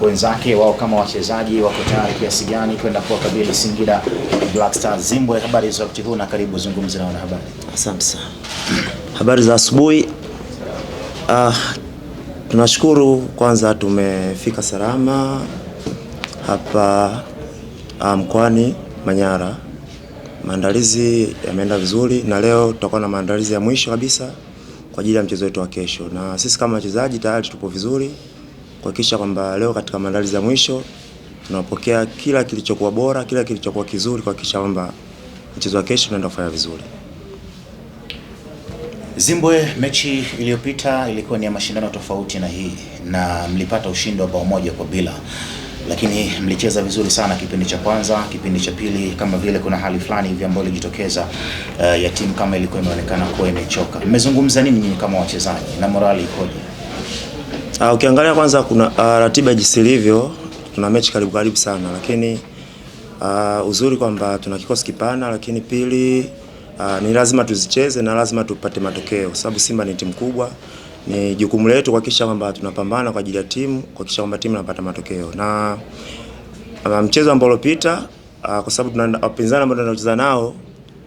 wenzake wao kama wachezaji wako tayari kiasi gani kwenda kuwakabili Singida Black Stars. Zimbwe, habari za wakati huu na karibu zungumza na wanahabari. Asante sana. Habari za asubuhi. Uh, tunashukuru kwanza tumefika salama hapa ah, mkoani um, Manyara. Maandalizi yameenda vizuri na leo tutakuwa na maandalizi ya mwisho kabisa kwa ajili ya mchezo wetu wa kesho, na sisi kama wachezaji tayari tupo vizuri kuhakikisha kwamba leo katika maandalizi ya mwisho tunapokea kila kilichokuwa bora, kila kilichokuwa kizuri, kuhakikisha kwamba mchezo wa kesho unaenda kufanya vizuri. Zimbwe, mechi iliyopita ilikuwa ni ya mashindano tofauti na hii, na mlipata ushindi wa bao moja kwa bila, lakini mlicheza vizuri sana kipindi cha kwanza. Kipindi cha pili kama vile kuna hali fulani hivi ambayo ilijitokeza, uh, ya timu kama ilikuwa imeonekana kuwa imechoka. Mmezungumza nini nyinyi kama wachezaji na morali ikoje? Uh, ukiangalia kwanza kuna uh, ratiba jinsi ilivyo, tuna mechi karibu karibu sana, lakini uh, uzuri kwamba tuna kikosi kipana, lakini pili uh, ni lazima tuzicheze na lazima tupate matokeo, sababu Simba ni timu kubwa. Ni jukumu letu kuhakikisha kwamba tunapambana kwa ajili ya timu, kuhakikisha kwamba timu inapata matokeo na uh, mchezo ambao ulipita uh, kwa sababu tuna wapinzani ambao tunacheza nao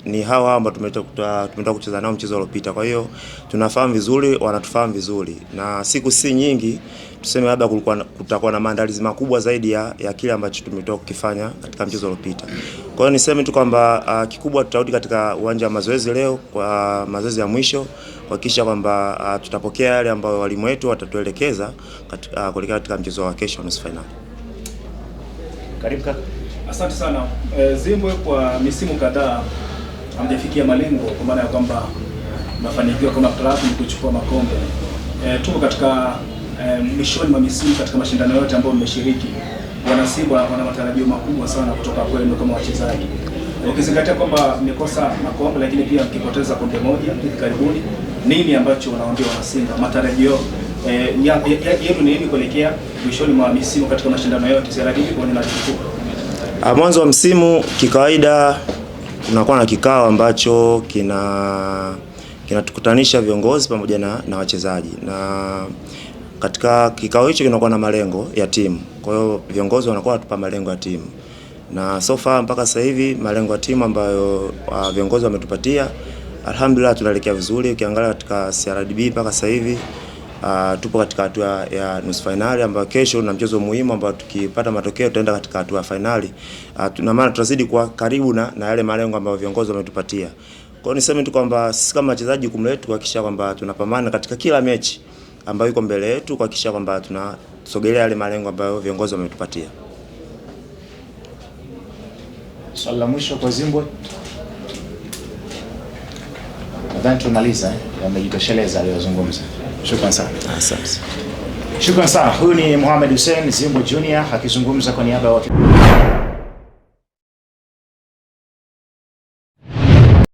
ni hawa ambao tumetoka kucheza nao mchezo uliopita. Kwa hiyo tunafahamu vizuri, wanatufahamu vizuri, na siku si nyingi, tuseme labda kulikuwa kutakuwa na maandalizi makubwa zaidi ya, ya kile ambacho tumetoka kukifanya katika mchezo uliopita. Kwa hiyo niseme tu kwamba uh, kikubwa tutarudi katika uwanja wa mazoezi leo kwa mazoezi ya mwisho kuhakikisha kwamba uh, tutapokea yale ambayo walimu wetu watatuelekeza ah, kuelekea katika, uh, katika mchezo wa kesho nusu fainali. Karibu. Asante sana eh, Zimbwe kwa misimu kadhaa hamjafikia malengo, kwa maana ya kwamba mafanikio kama klabu ni kuchukua makombe. E, tuko katika e, mwishoni mwa misimu katika mashindano yote ambayo mmeshiriki. Simba wana matarajio makubwa sana kutoka kwenu kama wachezaji, ukizingatia kwamba mmekosa makombe lakini pia mkipoteza kombe moja hivi karibuni. Nini ambacho wana Simba matarajio eh, yenu ni nini kuelekea mwishoni mwa misimu katika mashindano yote? Ah, mwanzo wa msimu kikawaida tunakuwa na kikao ambacho kina kinatukutanisha viongozi pamoja na, na wachezaji na katika kikao hicho kinakuwa na malengo ya timu. Kwa hiyo viongozi wanakuwa tupa malengo ya timu na so far mpaka sasa hivi malengo ya timu ambayo uh, viongozi wametupatia, alhamdulillah tunaelekea vizuri. Ukiangalia katika CRDB mpaka sasa hivi Uh, tupo katika hatua ya nusu fainali ambayo kesho na mchezo muhimu ambao tukipata matokeo tutaenda katika hatua ya fainali. Uh, ah, na maana tutazidi kuwa karibu na, na yale malengo ambayo viongozi wametupatia. Kwa hiyo niseme tu kwamba sisi kama wachezaji jukumu letu kuhakikisha kwamba tunapambana katika kila mechi ambayo iko mbele yetu kuhakikisha kwamba tunasogelea yale malengo ambayo viongozi wametupatia. Swali la mwisho kwa Zimbwe. Nadhani tunamaliza, eh? yamejitosheleza aliyozungumza. Shukran sana. Asante. Shukran sana. Huyu ni Mohamed Hussein Zimbo Junior akizungumza kwa niaba ya